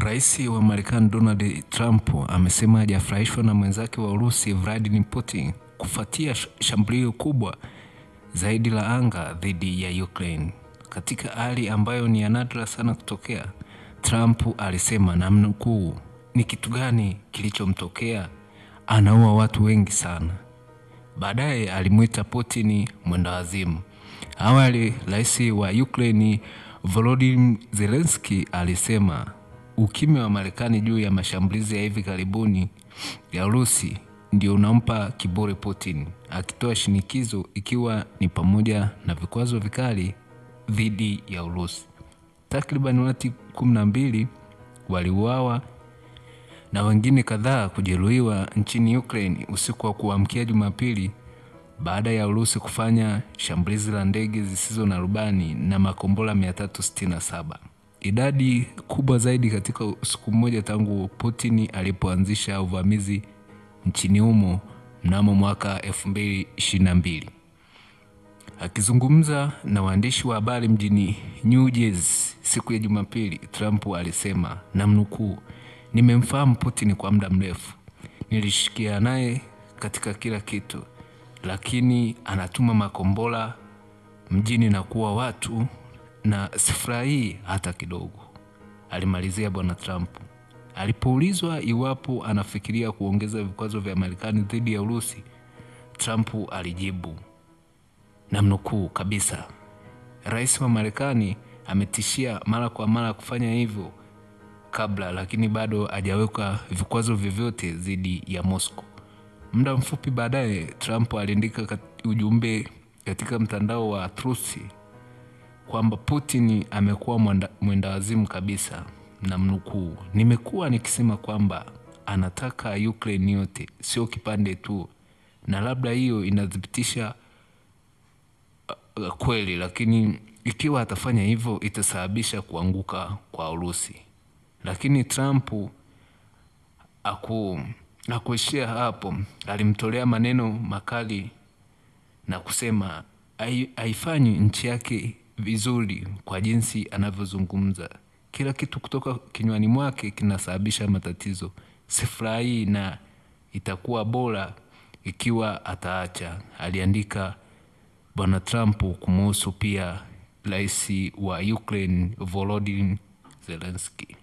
Rais wa Marekani Donald Trump amesema hajafurahishwa na mwenzake wa Urusi Vladimir Putin kufuatia shambulio kubwa zaidi la anga dhidi ya Ukraine katika hali ambayo ni nadra sana kutokea. Trump alisema namnukuu, ni kitu gani kilichomtokea? Anaua watu wengi sana. Baadaye alimwita Putin mwendawazimu. Awali rais wa Ukraine Volodymyr Zelensky alisema ukimya wa Marekani juu ya mashambulizi ya hivi karibuni ya Urusi ndio unampa kiburi Putin, akitoa shinikizo ikiwa ni pamoja na vikwazo vikali dhidi ya Urusi. Takriban watu kumi na mbili waliuawa na wengine kadhaa kujeruhiwa nchini Ukraine usiku wa kuamkia Jumapili baada ya Urusi kufanya shambulizi la ndege zisizo na rubani na makombora 367 idadi kubwa zaidi katika siku moja tangu Putin alipoanzisha uvamizi nchini humo mnamo mwaka 2022. Akizungumza na waandishi wa habari mjini New Jersey siku ya Jumapili, Trump alisema namnukuu, nimemfahamu Putin kwa muda mrefu, nilishikia naye katika kila kitu, lakini anatuma makombora mjini na kuwa watu na sifurahii hata kidogo, alimalizia bwana Trump alipoulizwa iwapo anafikiria kuongeza vikwazo vya Marekani dhidi ya Urusi. Trump alijibu namnukuu kabisa, rais wa Marekani ametishia mara kwa mara kufanya hivyo kabla, lakini bado hajaweka vikwazo vyovyote dhidi ya Moscow. Muda mfupi baadaye, Trump aliandika ujumbe katika mtandao wa Truth kwamba Putin amekuwa mwendawazimu kabisa, na mnukuu, nimekuwa nikisema kwamba anataka Ukraine yote, sio kipande tu, na labda hiyo inathibitisha uh, kweli, lakini ikiwa atafanya hivyo itasababisha kuanguka kwa Urusi. Lakini Trump akuishia hapo, alimtolea maneno makali na kusema haifanyi nchi yake vizuri kwa jinsi anavyozungumza. Kila kitu kutoka kinywani mwake kinasababisha matatizo. Sifurahii na itakuwa bora ikiwa ataacha, aliandika Bwana Trump kumuhusu pia rais wa Ukraine volodin zelenski